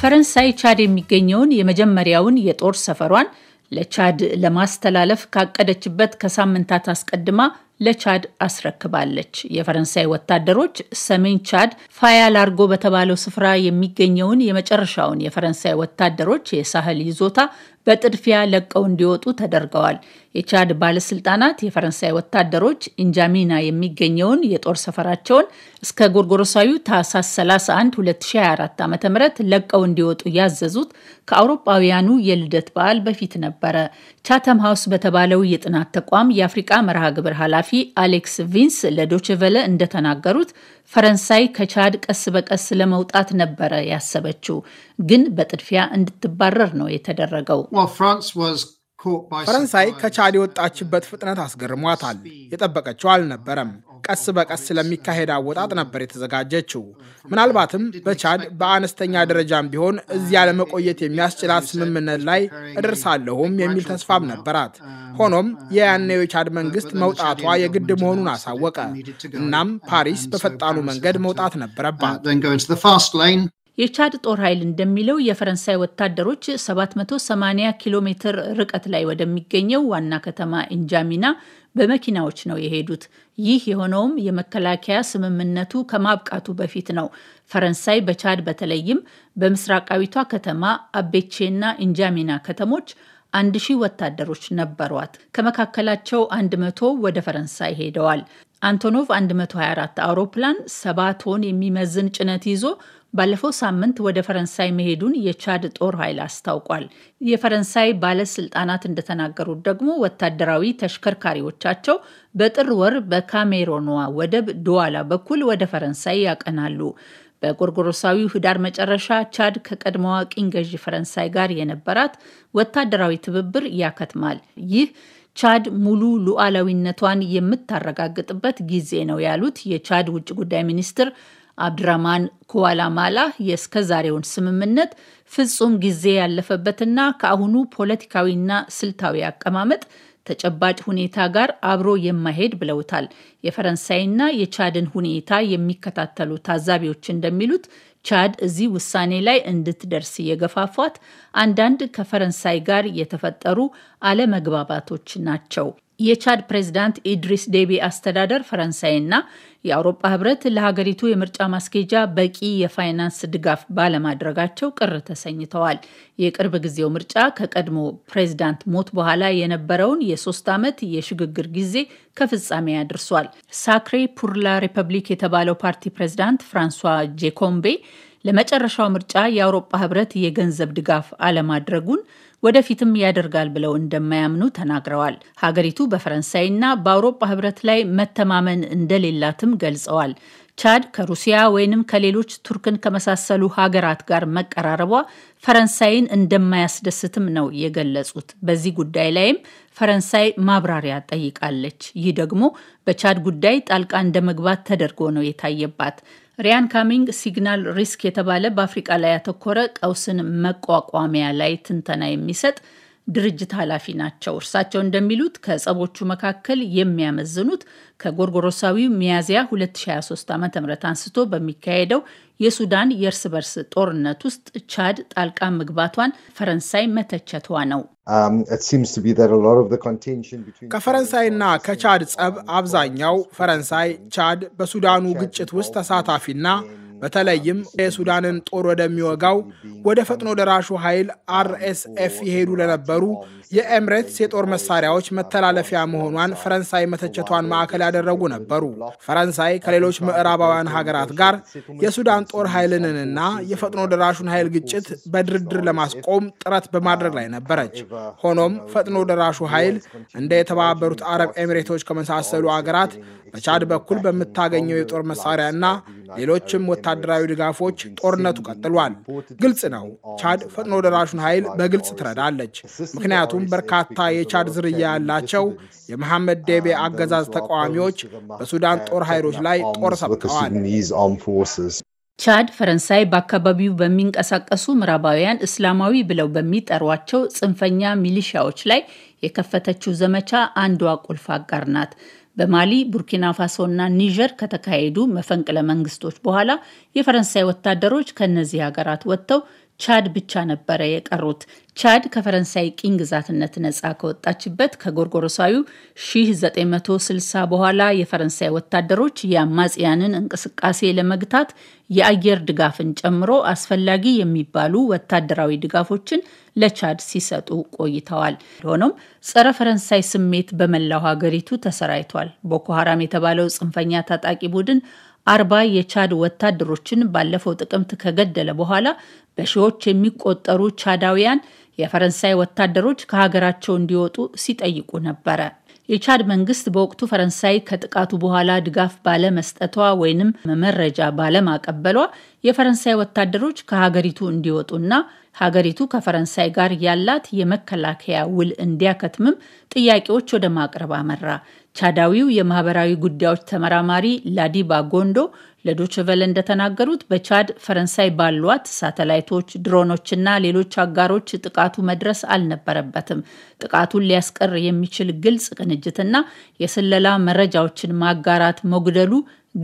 ፈረንሳይ ቻድ የሚገኘውን የመጀመሪያውን የጦር ሰፈሯን ለቻድ ለማስተላለፍ ካቀደችበት ከሳምንታት አስቀድማ ለቻድ አስረክባለች። የፈረንሳይ ወታደሮች ሰሜን ቻድ ፋያ ላርጎ በተባለው ስፍራ የሚገኘውን የመጨረሻውን የፈረንሳይ ወታደሮች የሳህል ይዞታ በጥድፊያ ለቀው እንዲወጡ ተደርገዋል። የቻድ ባለስልጣናት የፈረንሳይ ወታደሮች ኢንጃሚና የሚገኘውን የጦር ሰፈራቸውን እስከ ጎርጎሮሳዊ ታህሳስ 31 2024 ዓ ም ለቀው እንዲወጡ ያዘዙት ከአውሮጳውያኑ የልደት በዓል በፊት ነበረ። ቻተም ሀውስ በተባለው የጥናት ተቋም የአፍሪቃ መርሃ ግብር ኃላፊ አሌክስ ቪንስ ለዶችቨለ እንደተናገሩት ፈረንሳይ ከቻድ ቀስ በቀስ ለመውጣት ነበረ ያሰበችው፣ ግን በጥድፊያ እንድትባረር ነው የተደረገው። ፈረንሳይ ከቻድ የወጣችበት ፍጥነት አስገርሟታል። የጠበቀችው አልነበረም። ቀስ በቀስ ስለሚካሄድ አወጣጥ ነበር የተዘጋጀችው። ምናልባትም በቻድ በአነስተኛ ደረጃም ቢሆን እዚያ ለመቆየት የሚያስችላት ስምምነት ላይ እደርሳለሁም የሚል ተስፋም ነበራት። ሆኖም የያኔው የቻድ መንግስት መውጣቷ የግድ መሆኑን አሳወቀ። እናም ፓሪስ በፈጣኑ መንገድ መውጣት ነበረባት። የቻድ ጦር ኃይል እንደሚለው የፈረንሳይ ወታደሮች 780 ኪሎ ሜትር ርቀት ላይ ወደሚገኘው ዋና ከተማ እንጃሚና በመኪናዎች ነው የሄዱት። ይህ የሆነውም የመከላከያ ስምምነቱ ከማብቃቱ በፊት ነው። ፈረንሳይ በቻድ በተለይም በምስራቃዊቷ ከተማ አቤቼና እንጃሚና ከተሞች አንድ ሺህ ወታደሮች ነበሯት። ከመካከላቸው 100 ወደ ፈረንሳይ ሄደዋል። አንቶኖቭ 124 አውሮፕላን ሰባ ቶን የሚመዝን ጭነት ይዞ ባለፈው ሳምንት ወደ ፈረንሳይ መሄዱን የቻድ ጦር ኃይል አስታውቋል። የፈረንሳይ ባለስልጣናት እንደተናገሩት ደግሞ ወታደራዊ ተሽከርካሪዎቻቸው በጥር ወር በካሜሮኗ ወደብ ድዋላ በኩል ወደ ፈረንሳይ ያቀናሉ። በጎርጎሮሳዊው ህዳር መጨረሻ ቻድ ከቀድሞዋ ቅኝ ገዢ ፈረንሳይ ጋር የነበራት ወታደራዊ ትብብር ያከትማል። ይህ ቻድ ሙሉ ሉዓላዊነቷን የምታረጋግጥበት ጊዜ ነው ያሉት የቻድ ውጭ ጉዳይ ሚኒስትር አብድራማን ኩዋላማላህ የእስከዛሬውን ስምምነት ፍጹም ጊዜ ያለፈበትና ከአሁኑ ፖለቲካዊና ስልታዊ አቀማመጥ ተጨባጭ ሁኔታ ጋር አብሮ የማይሄድ ብለውታል። የፈረንሳይና የቻድን ሁኔታ የሚከታተሉ ታዛቢዎች እንደሚሉት ቻድ እዚህ ውሳኔ ላይ እንድትደርስ የገፋፏት አንዳንድ ከፈረንሳይ ጋር የተፈጠሩ አለመግባባቶች ናቸው። የቻድ ፕሬዝዳንት ኢድሪስ ዴቢ አስተዳደር ፈረንሳይና የአውሮፓ ህብረት ለሀገሪቱ የምርጫ ማስኬጃ በቂ የፋይናንስ ድጋፍ ባለማድረጋቸው ቅር ተሰኝተዋል። የቅርብ ጊዜው ምርጫ ከቀድሞ ፕሬዝዳንት ሞት በኋላ የነበረውን የሶስት ዓመት የሽግግር ጊዜ ከፍጻሜ አድርሷል። ሳክሬ ፑርላ ሪፐብሊክ የተባለው ፓርቲ ፕሬዝዳንት ፍራንሷ ጄኮምቤ ለመጨረሻው ምርጫ የአውሮፓ ህብረት የገንዘብ ድጋፍ አለማድረጉን ወደፊትም ያደርጋል ብለው እንደማያምኑ ተናግረዋል። ሀገሪቱ በፈረንሳይና በአውሮፓ ህብረት ላይ መተማመን እንደሌላትም ገልጸዋል። ቻድ ከሩሲያ ወይንም ከሌሎች ቱርክን ከመሳሰሉ ሀገራት ጋር መቀራረቧ ፈረንሳይን እንደማያስደስትም ነው የገለጹት። በዚህ ጉዳይ ላይም ፈረንሳይ ማብራሪያ ጠይቃለች። ይህ ደግሞ በቻድ ጉዳይ ጣልቃ እንደመግባት ተደርጎ ነው የታየባት። ሪያን ካሚንግ ሲግናል ሪስክ የተባለ በአፍሪቃ ላይ ያተኮረ ቀውስን መቋቋሚያ ላይ ትንተና የሚሰጥ ድርጅት ኃላፊ ናቸው። እርሳቸው እንደሚሉት ከጸቦቹ መካከል የሚያመዝኑት ከጎርጎሮሳዊው ሚያዝያ 2023 ዓ ም አንስቶ በሚካሄደው የሱዳን የእርስ በርስ ጦርነት ውስጥ ቻድ ጣልቃ መግባቷን ፈረንሳይ መተቸቷ ነው። um, ከፈረንሳይና ከቻድ ጸብ አብዛኛው ፈረንሳይ ቻድ በሱዳኑ ግጭት ውስጥ ተሳታፊና በተለይም የሱዳንን ጦር ወደሚወጋው ወደ ፈጥኖ ደራሹ ኃይል አርኤስኤፍ ይሄዱ ለነበሩ የኤምሬትስ የጦር መሳሪያዎች መተላለፊያ መሆኗን ፈረንሳይ መተቸቷን ማዕከል ያደረጉ ነበሩ። ፈረንሳይ ከሌሎች ምዕራባውያን ሀገራት ጋር የሱዳን ጦር ኃይልንና የፈጥኖ ደራሹን ኃይል ግጭት በድርድር ለማስቆም ጥረት በማድረግ ላይ ነበረች። ሆኖም ፈጥኖ ደራሹ ኃይል እንደ የተባበሩት አረብ ኤምሬቶች ከመሳሰሉ አገራት በቻድ በኩል በምታገኘው የጦር መሳሪያ እና ሌሎችም ወታደራዊ ድጋፎች ጦርነቱ ቀጥሏል። ግልጽ ነው፣ ቻድ ፈጥኖ ደራሹን ኃይል በግልጽ ትረዳለች። ምክንያቱ ምክንያቱም በርካታ የቻድ ዝርያ ያላቸው የመሐመድ ዴቤ አገዛዝ ተቃዋሚዎች በሱዳን ጦር ኃይሎች ላይ ጦር ሰብተዋል። ቻድ ፈረንሳይ በአካባቢው በሚንቀሳቀሱ ምዕራባውያን እስላማዊ ብለው በሚጠሯቸው ጽንፈኛ ሚሊሻዎች ላይ የከፈተችው ዘመቻ አንዷ ቁልፍ አጋር ናት። በማሊ ቡርኪና ፋሶና ኒጀር ከተካሄዱ መፈንቅለ መንግስቶች በኋላ የፈረንሳይ ወታደሮች ከእነዚህ ሀገራት ወጥተው ቻድ ብቻ ነበረ የቀሩት። ቻድ ከፈረንሳይ ቅኝ ግዛትነት ነጻ ከወጣችበት ከጎርጎሮሳዊው 1960 በኋላ የፈረንሳይ ወታደሮች የአማጽያንን እንቅስቃሴ ለመግታት የአየር ድጋፍን ጨምሮ አስፈላጊ የሚባሉ ወታደራዊ ድጋፎችን ለቻድ ሲሰጡ ቆይተዋል። ሆኖም ጸረ ፈረንሳይ ስሜት በመላው ሀገሪቱ ተሰራይቷል። ቦኮ ሀራም የተባለው ጽንፈኛ ታጣቂ ቡድን አርባ የቻድ ወታደሮችን ባለፈው ጥቅምት ከገደለ በኋላ በሺዎች የሚቆጠሩ ቻዳውያን የፈረንሳይ ወታደሮች ከሀገራቸው እንዲወጡ ሲጠይቁ ነበረ። የቻድ መንግስት በወቅቱ ፈረንሳይ ከጥቃቱ በኋላ ድጋፍ ባለመስጠቷ ወይንም መረጃ ባለማቀበሏ የፈረንሳይ ወታደሮች ከሀገሪቱ እንዲወጡና ሀገሪቱ ከፈረንሳይ ጋር ያላት የመከላከያ ውል እንዲያከትምም ጥያቄዎች ወደ ማቅረብ አመራ። ቻዳዊው የማህበራዊ ጉዳዮች ተመራማሪ ላዲባ ጎንዶ ለዶችቨል እንደተናገሩት በቻድ ፈረንሳይ ባሏት ሳተላይቶች፣ ድሮኖችና ሌሎች አጋሮች ጥቃቱ መድረስ አልነበረበትም። ጥቃቱን ሊያስቀር የሚችል ግልጽ ቅንጅትና የስለላ መረጃዎችን ማጋራት መጉደሉ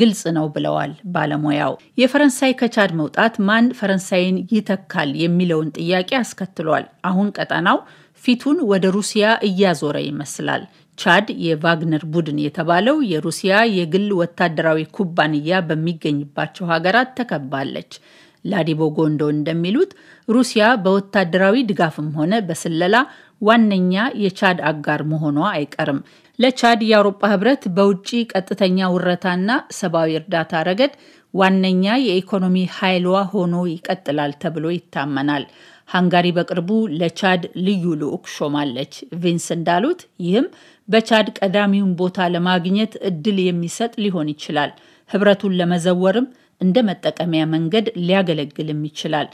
ግልጽ ነው ብለዋል ባለሙያው። የፈረንሳይ ከቻድ መውጣት ማን ፈረንሳይን ይተካል የሚለውን ጥያቄ አስከትሏል። አሁን ቀጠናው ፊቱን ወደ ሩሲያ እያዞረ ይመስላል። ቻድ የቫግነር ቡድን የተባለው የሩሲያ የግል ወታደራዊ ኩባንያ በሚገኝባቸው ሀገራት ተከባለች። ላዲቦ ጎንዶ እንደሚሉት ሩሲያ በወታደራዊ ድጋፍም ሆነ በስለላ ዋነኛ የቻድ አጋር መሆኗ አይቀርም። ለቻድ የአውሮፓ ህብረት በውጭ ቀጥተኛ ውረታና ሰብአዊ እርዳታ ረገድ ዋነኛ የኢኮኖሚ ኃይሏ ሆኖ ይቀጥላል ተብሎ ይታመናል። ሃንጋሪ በቅርቡ ለቻድ ልዩ ልዑክ ሾማለች። ቪንስ እንዳሉት ይህም በቻድ ቀዳሚውን ቦታ ለማግኘት እድል የሚሰጥ ሊሆን ይችላል። ህብረቱን ለመዘወርም እንደ መጠቀሚያ መንገድ ሊያገለግልም ይችላል።